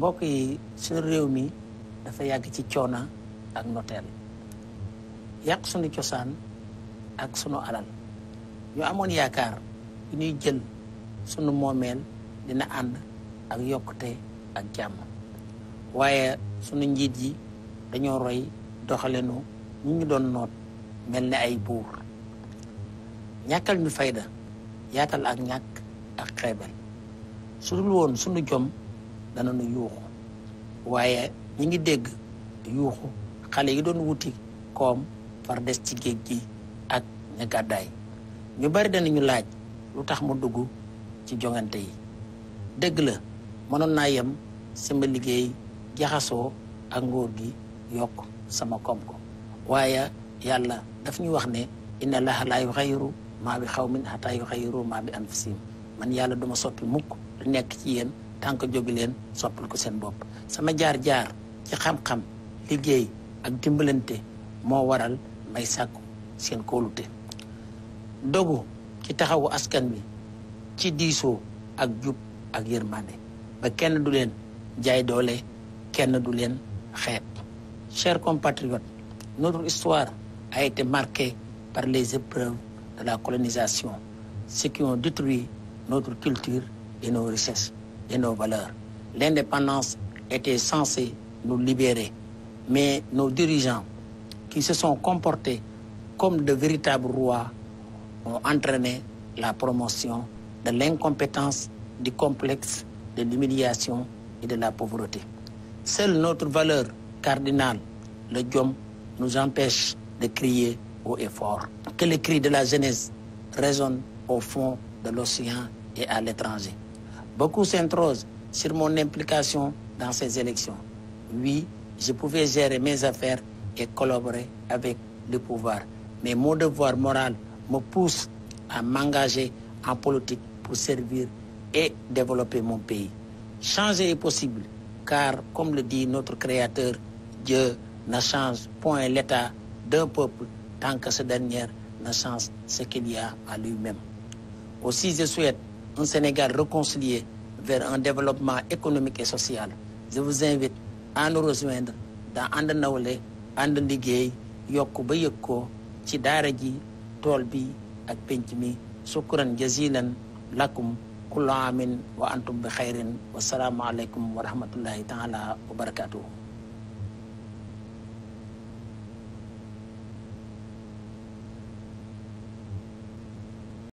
mbokk yi sunu réew mi dafa yàgg ci coona ak noteel yàq suñu cosaan ak sunu alal ñu amoon yaakaar bu ñuy jël sunu moomeel dina ànd ak yokkute ak jàmm waaye sunu njiit yi dañoo roy doxalinu ñu ñu doon noot mel ni ay buur ñàkkal ñu fayda yaatal ak ñàkk ak xeebel su dul woon sunu jom dana nu yuuxu waaye ñi ngi dégg yuuxu xale yi doon wuti koom far des ci géej gi ak ña gàddaay ñu bari danañu laaj lu tax mu dugg ci joŋante yi dégg la mënoon naa yem sama liggéey jaxasoo ak nguur gi yokk sama koom-koom waaye yàlla daf ñu wax ne inna laaha laa yuxayyiru maa bi xawmin hattaa yuxayyiru maa bi anfusihim man yàlla duma soppi mukk lu nekk ci yéen tànk jógu leen soppal ko seen bopp sama jaar-jaar ci xam-xam liggéey ak dimbalante moo waral may sàkku seen kóolute dogu ci taxawu askan wi ci diisoo ak jub ak yërmande ba kenn du leen jaay doole kenn du leen xeet chers compatriotes notre histoire a été marquée par les épreuves de la colonisation ce qui ont détruit notre culture et nos de nos valeurs. L'indépendance était censée nous libérer, mais nos dirigeants qui se sont comportés comme de véritables rois ont entraîné la promotion de l'incompétence, du complexe, de l'humiliation et de la pauvreté. Seule notre valeur cardinale, le diom, nous empêche de crier au et fort. Que le cri de la jeunesse résonne au fond de l'océan et à l'étranger. Beaucoup s'introsent sur mon implication dans ces élections. Oui, je pouvais gérer mes affaires et collaborer avec le pouvoir. Mais mon devoir moral me pousse à m'engager en politique pour servir et développer mon pays. Changer est possible, car comme le dit notre Créateur, Dieu ne change point l'état d'un peuple tant que ce dernier ne change ce qu'il y a à lui-même. Aussi, je souhaite un Sénégal réconcilié vers un développement économique et social je vous invite à rejoindre dans ànd nawle ànd liggéey yokk ba yëg ko ci daara ji tool bi ak penc mi sukkuran jazilan lakum kullu amin wa antum bi xayrin wasalaamualeykum wa rahmatullahi taala wa barakatuhu